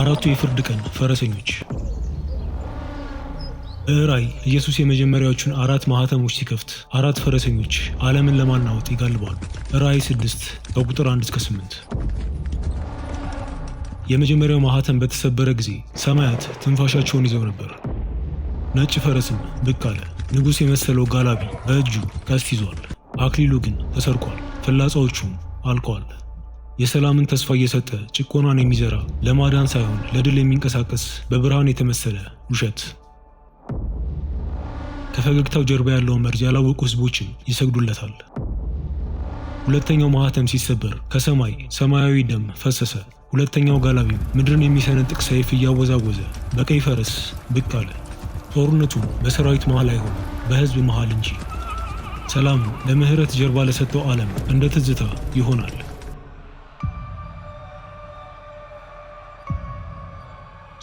አራቱ የፍርድ ቀን ፈረሰኞች። ራእይ ኢየሱስ የመጀመሪያዎቹን አራት ማህተሞች ሲከፍት አራት ፈረሰኞች ዓለምን ለማናወጥ ይጋልባሉ። ራእይ 6 ከቁጥር 1 እስከ 8። የመጀመሪያው ማህተም በተሰበረ ጊዜ ሰማያት ትንፋሻቸውን ይዘው ነበር። ነጭ ፈረስም ብቅ አለ። ንጉሥ የመሰለው ጋላቢ በእጁ ቀስት ይዟል። አክሊሉ ግን ተሰርቋል፣ ፍላጻዎቹም አልቀዋል። የሰላምን ተስፋ እየሰጠ ጭቆናን የሚዘራ ለማዳን ሳይሆን ለድል የሚንቀሳቀስ በብርሃን የተመሰለ ውሸት። ከፈገግታው ጀርባ ያለውን መርዝ ያላወቁ ህዝቦችን ይሰግዱለታል። ሁለተኛው ማህተም ሲሰበር ከሰማይ ሰማያዊ ደም ፈሰሰ። ሁለተኛው ጋላቢም ምድርን የሚሰነጥቅ ሰይፍ እያወዛወዘ በቀይ ፈረስ ብቅ አለ። ጦርነቱ በሰራዊት መሃል አይሆን በህዝብ መሃል እንጂ። ሰላም ለምህረት ጀርባ ለሰጠው ዓለም እንደ ትዝታ ይሆናል።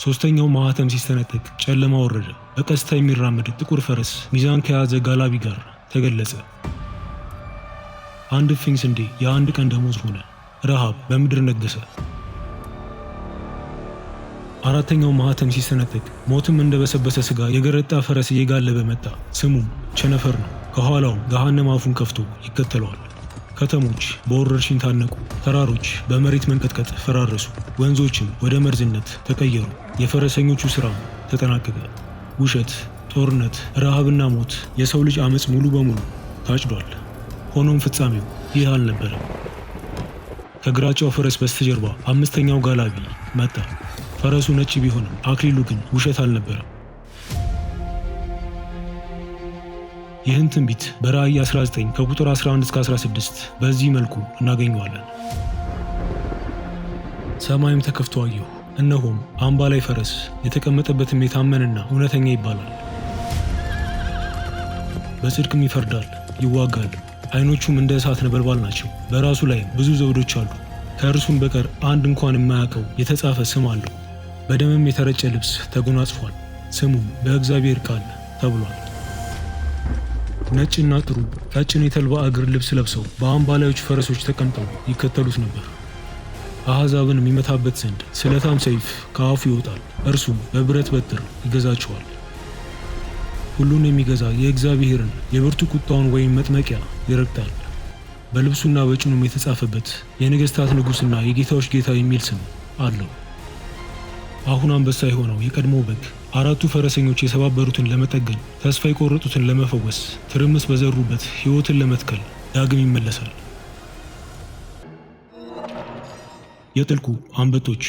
ሶስተኛው ማኅተም ሲሰነጠቅ ጨለማ ወረደ። በቀስታ የሚራመድ ጥቁር ፈረስ ሚዛን ከያዘ ጋላቢ ጋር ተገለጸ። አንድ እፍኝ ስንዴ የአንድ ቀን ደሞዝ ሆነ። ረሃብ በምድር ነገሰ። አራተኛው ማኅተም ሲሰነጠቅ ሞትም እንደበሰበሰ ስጋ ሥጋ የገረጣ ፈረስ እየጋለበ መጣ። ስሙም ቸነፈር ነው። ከኋላውም ገሃነም አፉን ከፍቶ ይከተለዋል። ከተሞች በወረርሽኝ ታነቁ። ተራሮች በመሬት መንቀጥቀጥ ፈራረሱ። ወንዞችም ወደ መርዝነት ተቀየሩ። የፈረሰኞቹ ሥራ ተጠናቀቀ። ውሸት፣ ጦርነት፣ ረሃብና ሞት የሰው ልጅ ዓመፅ ሙሉ በሙሉ ታጭዷል። ሆኖም ፍጻሜው ይህ አልነበረም። ከግራጫው ፈረስ በስተጀርባ አምስተኛው ጋላቢ መጣ። ፈረሱ ነጭ ቢሆንም አክሊሉ ግን ውሸት አልነበረም። ይህን ትንቢት በራእይ 19 ከቁጥር 11 እስከ 16 በዚህ መልኩ እናገኘዋለን። ሰማይም ተከፍቶ አየሁ፣ እነሆም አምባ ላይ ፈረስ፣ የተቀመጠበትም የታመንና እውነተኛ ይባላል፣ በጽድቅም ይፈርዳል ይዋጋል። ዓይኖቹም እንደ እሳት ነበልባል ናቸው፣ በራሱ ላይም ብዙ ዘውዶች አሉ። ከእርሱም በቀር አንድ እንኳን የማያውቀው የተጻፈ ስም አለው። በደምም የተረጨ ልብስ ተጎናጽፏል፣ ስሙም በእግዚአብሔር ቃል ተብሏል። ነጭና ጥሩ ቀጭን የተልባ እግር ልብስ ለብሰው በአምባላዮች ፈረሶች ተቀምጠው ይከተሉት ነበር። አሕዛብን የሚመታበት ዘንድ ስለታም ሰይፍ ከአፉ ይወጣል፣ እርሱም በብረት በትር ይገዛቸዋል። ሁሉን የሚገዛ የእግዚአብሔርን የብርቱ ቁጣውን ወይም መጥመቂያ ይረግጣል። በልብሱና በጭኑም የተጻፈበት የነገሥታት ንጉሥና የጌታዎች ጌታ የሚል ስም አለው። አሁን አንበሳ የሆነው የቀድሞ በግ አራቱ ፈረሰኞች የሰባበሩትን ለመጠገን ተስፋ የቆረጡትን ለመፈወስ ትርምስ በዘሩበት ሕይወትን ለመትከል ዳግም ይመለሳል። የጥልቁ አንበጦች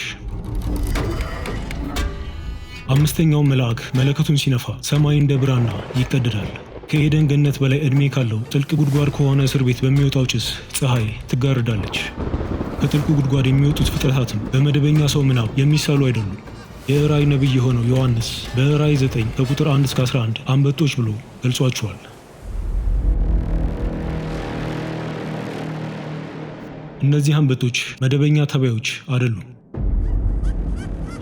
አምስተኛው መልአክ መለከቱን ሲነፋ ሰማይ እንደ ብራና ይቀደዳል። ከኤደን ገነት በላይ ዕድሜ ካለው ጥልቅ ጉድጓድ ከሆነ እስር ቤት በሚወጣው ጭስ ፀሐይ ትጋርዳለች። ከጥልቁ ጉድጓድ የሚወጡት ፍጥረታትም በመደበኛ ሰው ምናብ የሚሳሉ አይደሉም። የራእይ ነቢይ የሆነው ዮሐንስ በራእይ 9 ከቁጥር 1 እስከ 11 አንበጦች ብሎ ገልጿቸዋል። እነዚህ አንበጦች መደበኛ ተባዮች አይደሉም።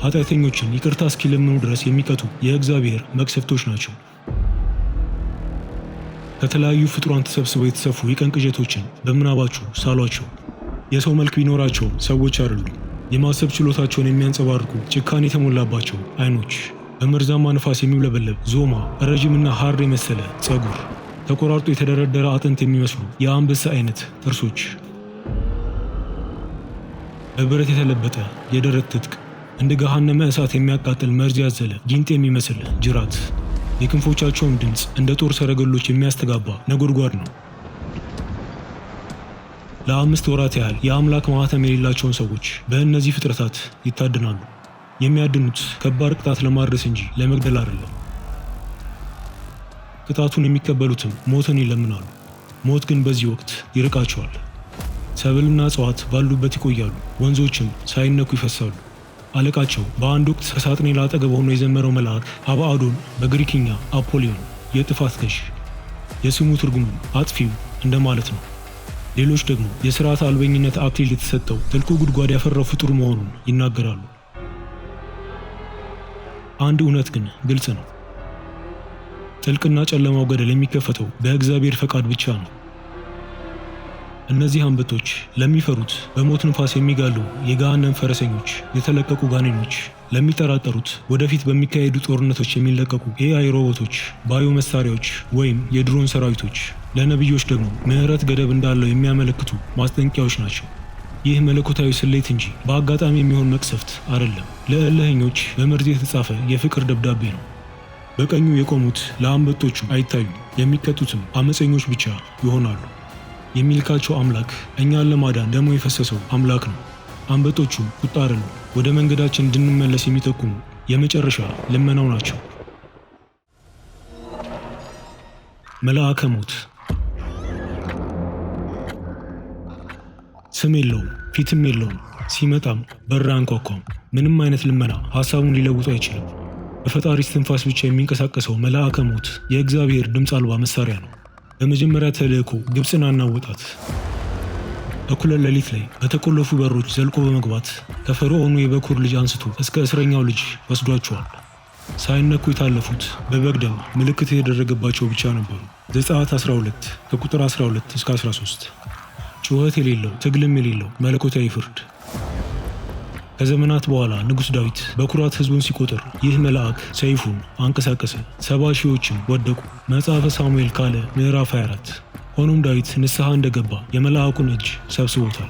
ኃጢአተኞችን ይቅርታ እስኪለምኑ ድረስ የሚቀጡ የእግዚአብሔር መቅሰፍቶች ናቸው። ከተለያዩ ፍጡራን ተሰብስበው የተሰፉ የቀን ቅዠቶችን በምናባችሁ ሳሏቸው። የሰው መልክ ቢኖራቸው ሰዎች አይደሉም። የማሰብ ችሎታቸውን የሚያንጸባርቁ ጭካኔ የተሞላባቸው አይኖች፣ በመርዛማ ንፋስ የሚውለበለብ ዞማ፣ ረዥምና ሐር የመሰለ ጸጉር፣ ተቆራርጦ የተደረደረ አጥንት የሚመስሉ የአንበሳ አይነት ጥርሶች፣ በብረት የተለበጠ የደረት ትጥቅ፣ እንደ ገሃነመ እሳት የሚያቃጥል መርዝ ያዘለ ጊንጥ የሚመስል ጅራት፣ የክንፎቻቸውን ድምፅ እንደ ጦር ሰረገሎች የሚያስተጋባ ነጎድጓድ ነው። ለአምስት ወራት ያህል የአምላክ ማህተም የሌላቸውን ሰዎች በእነዚህ ፍጥረታት ይታድናሉ። የሚያድኑት ከባድ ቅጣት ለማድረስ እንጂ ለመግደል አይደለም። ቅጣቱን የሚቀበሉትም ሞትን ይለምናሉ። ሞት ግን በዚህ ወቅት ይርቃቸዋል። ሰብልና እጽዋት ባሉበት ይቆያሉ፣ ወንዞችም ሳይነኩ ይፈሳሉ። አለቃቸው በአንድ ወቅት ከሳጥኔል አጠገብ ሆኖ የዘመረው መልአክ አብአዶን በግሪክኛ አፖሊዮን የጥፋት ገዥ፣ የስሙ ትርጉሙ አጥፊው እንደማለት ነው። ሌሎች ደግሞ የስርዓት አልበኝነት አክሊል የተሰጠው ጥልቁ ጉድጓድ ያፈራው ፍጡር መሆኑን ይናገራሉ። አንድ እውነት ግን ግልጽ ነው። ጥልቅና ጨለማው ገደል የሚከፈተው በእግዚአብሔር ፈቃድ ብቻ ነው። እነዚህ አንበጦች ለሚፈሩት በሞት ንፋስ የሚጋሉ የገሃነም ፈረሰኞች የተለቀቁ ጋኔኖች ለሚጠራጠሩት ወደፊት በሚካሄዱ ጦርነቶች የሚለቀቁ ኤአይ ሮቦቶች፣ ባዮ መሳሪያዎች ወይም የድሮን ሰራዊቶች፣ ለነቢዮች ደግሞ ምህረት ገደብ እንዳለው የሚያመለክቱ ማስጠንቀቂያዎች ናቸው። ይህ መለኮታዊ ስሌት እንጂ በአጋጣሚ የሚሆን መቅሰፍት አይደለም። ለእልህኞች በመርዝ የተጻፈ የፍቅር ደብዳቤ ነው። በቀኙ የቆሙት ለአንበጦቹ አይታዩም፣ የሚቀጡትም አመፀኞች ብቻ ይሆናሉ። የሚልካቸው አምላክ እኛን ለማዳን ደሞ የፈሰሰው አምላክ ነው። አንበጦቹ ቁጣ አይደሉም፣ ወደ መንገዳችን እንድንመለስ የሚጠቁሙ የመጨረሻ ልመናው ናቸው። መልአከ ሞት ስም የለውም፣ ፊትም የለውም። ሲመጣም በር አንኳኳም። ምንም አይነት ልመና ሐሳቡን ሊለውጡ አይችልም። በፈጣሪ ትንፋስ ብቻ የሚንቀሳቀሰው መልአከ ሞት የእግዚአብሔር ድምፅ አልባ መሳሪያ ነው። በመጀመሪያ ተልእኮ ግብፅን አናወጣት። እኩለ ሌሊት ላይ በተቆለፉ በሮች ዘልቆ በመግባት ከፈርዖኑ የበኩር ልጅ አንስቶ እስከ እስረኛው ልጅ ወስዷቸዋል። ሳይነኩ የታለፉት በበግ ደም ምልክት የተደረገባቸው ብቻ ነበሩ። ዘጸአት 12 ከቁጥር 12 እስከ 13። ጩኸት የሌለው ትግልም የሌለው መለኮታዊ ፍርድ። ከዘመናት በኋላ ንጉሥ ዳዊት በኩራት ሕዝቡን ሲቆጥር ይህ መልአክ ሰይፉን አንቀሳቀሰ፣ ሰባ ሺዎችም ወደቁ። መጽሐፈ ሳሙኤል ካለ ምዕራፍ 24 ሆኖም ዳዊት ንስሐ እንደገባ የመልአኩን እጅ ሰብስቦታል።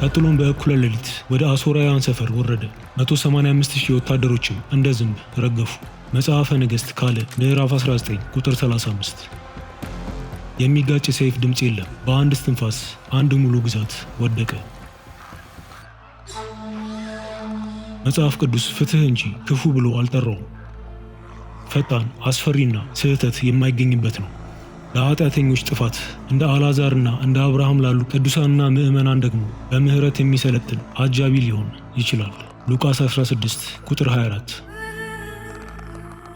ቀጥሎም በእኩለ ሌሊት ወደ አሶራውያን ሰፈር ወረደ። 185000 ወታደሮችም እንደ ዝንብ ረገፉ። መጽሐፈ ነገሥት ካልዕ ምዕራፍ 19 ቁጥር 35 የሚጋጭ ሰይፍ ድምፅ የለም፣ በአንድ እስትንፋስ አንድ ሙሉ ግዛት ወደቀ። መጽሐፍ ቅዱስ ፍትህ እንጂ ክፉ ብሎ አልጠራውም። ፈጣን አስፈሪና ስህተት የማይገኝበት ነው። ለኃጢአተኞች ጥፋት እንደ አልዓዛርና እንደ አብርሃም ላሉ ቅዱሳንና ምዕመናን ደግሞ በምሕረት የሚሰለጥን አጃቢ ሊሆን ይችላል። ሉቃስ 16 ቁጥር 24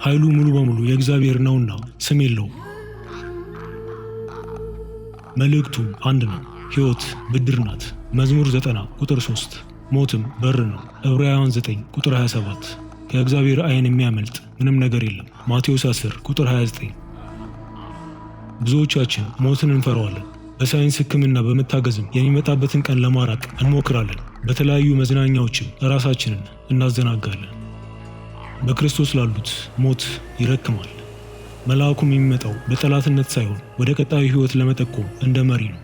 ኃይሉ ሙሉ በሙሉ የእግዚአብሔር ነውና ስም የለውም። መልእክቱ አንድ ነው። ሕይወት ብድር ናት። መዝሙር 90 ቁጥር 3 ሞትም በር ነው። ዕብራውያን 9 ቁጥር 27 ከእግዚአብሔር አይን የሚያመልጥ ምንም ነገር የለም። ማቴዎስ 10 ቁጥር 29። ብዙዎቻችን ሞትን እንፈራዋለን። በሳይንስ ሕክምና በመታገዝም የሚመጣበትን ቀን ለማራቅ እንሞክራለን። በተለያዩ መዝናኛዎችም እራሳችንን እናዘናጋለን። በክርስቶስ ላሉት ሞት ይረክማል። መልአኩም የሚመጣው በጠላትነት ሳይሆን ወደ ቀጣዩ ሕይወት ለመጠቆም እንደ መሪ ነው።